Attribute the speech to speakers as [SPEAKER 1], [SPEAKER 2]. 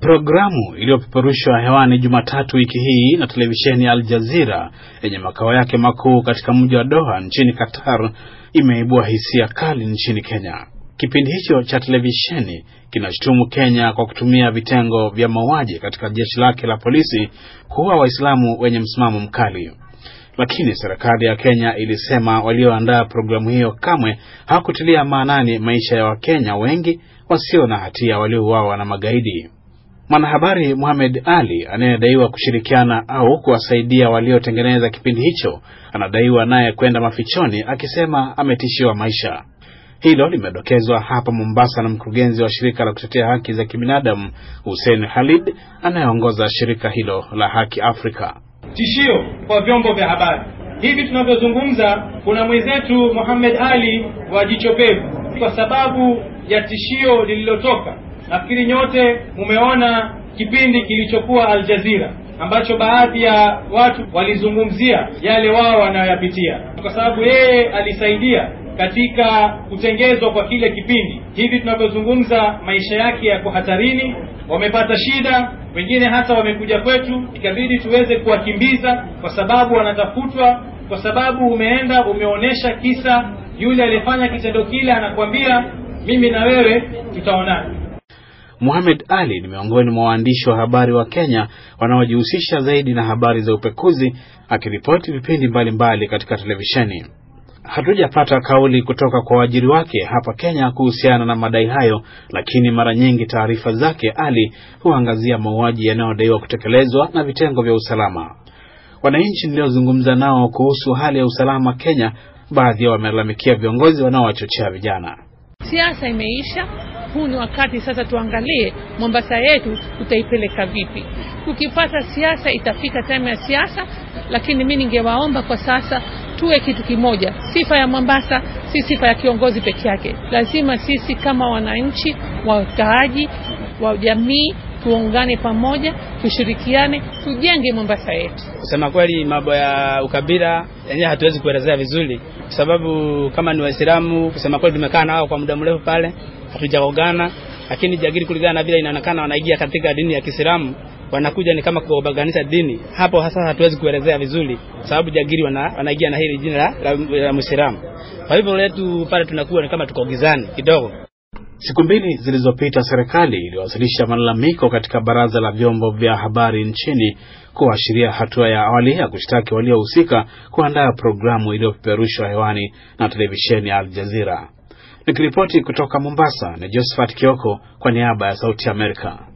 [SPEAKER 1] Programu iliyopeperushwa hewani Jumatatu wiki hii na televisheni ya Al Jazeera yenye makao yake makuu katika mji wa Doha nchini Qatar imeibua hisia kali nchini Kenya. Kipindi hicho cha televisheni kinashutumu Kenya kwa kutumia vitengo vya mauaji katika jeshi lake la polisi kuua Waislamu wenye msimamo mkali. Lakini serikali ya Kenya ilisema walioandaa programu hiyo kamwe hawakutilia maanani maisha ya Wakenya wengi wasio na hatia waliouawa na magaidi. Mwanahabari Mohamed Ali anayedaiwa kushirikiana au kuwasaidia waliotengeneza kipindi hicho anadaiwa naye kwenda mafichoni akisema ametishiwa maisha. Hilo limedokezwa hapa Mombasa na mkurugenzi wa shirika la kutetea haki za kibinadamu Hussein Khalid anayeongoza shirika hilo la Haki Afrika.
[SPEAKER 2] Tishio kwa vyombo vya habari. Hivi tunavyozungumza, kuna mwenzetu Mohamed Ali wa Jicho Pevu, kwa sababu ya tishio lililotoka nafikiri nyote mumeona kipindi kilichokuwa Aljazira ambacho baadhi ya watu walizungumzia yale wao wanayoyapitia, kwa sababu yeye alisaidia katika kutengezwa kwa kile kipindi. Hivi tunavyozungumza, maisha yake yako hatarini, wamepata shida, wengine hata wamekuja kwetu, ikabidi tuweze kuwakimbiza kwa sababu wanatafutwa, kwa sababu umeenda umeonyesha kisa, yule aliyefanya kitendo kile anakwambia mimi na wewe tutaonana.
[SPEAKER 1] Mohamed Ali ni miongoni mwa waandishi wa habari wa Kenya wanaojihusisha zaidi na habari za upekuzi, akiripoti vipindi mbalimbali katika televisheni. Hatujapata kauli kutoka kwa waajiri wake hapa Kenya kuhusiana na madai hayo, lakini mara nyingi taarifa zake Ali huangazia mauaji yanayodaiwa kutekelezwa na vitengo vya usalama. Wananchi niliozungumza nao kuhusu hali ya usalama Kenya, baadhi yao wamelalamikia viongozi wanaowachochea
[SPEAKER 3] vijana. Siasa imeisha huu ni wakati sasa tuangalie Mombasa yetu tutaipeleka vipi. Tukipata siasa, itafika taimu ya siasa, lakini mi ningewaomba kwa sasa tuwe kitu kimoja. Sifa ya Mombasa si sifa ya kiongozi peke yake, lazima sisi kama wananchi, wakaaji wa jamii tuungane pamoja, tushirikiane, tujenge Mombasa yetu.
[SPEAKER 4] Kusema kweli, mambo ya ukabila yenyewe hatuwezi kuelezea vizuri, kwa sababu kama ni Waislamu, kusema kweli, tumekaa nao kwa muda mrefu pale, hatujaogana, lakini Jagiri kulingana na vile inaonekana wanaigia katika dini ya Kiislamu wanakuja ni kama kuobaganisha dini hapo. Hasa hatuwezi kuelezea vizuri, sababu Jagiri wana, wanaigia na hili jina la, la, la Muislamu. Kwa hivyo letu pale tunakuwa ni kama tuko gizani kidogo.
[SPEAKER 1] Siku mbili zilizopita serikali iliwasilisha malalamiko katika baraza la vyombo vya habari nchini kuashiria hatua ya awali ya kushtaki waliohusika kuandaa programu iliyopeperushwa hewani na televisheni ya Al Jazeera.
[SPEAKER 2] Nikiripoti kutoka Mombasa ni Josephat Kioko kwa niaba ya Sauti Amerika.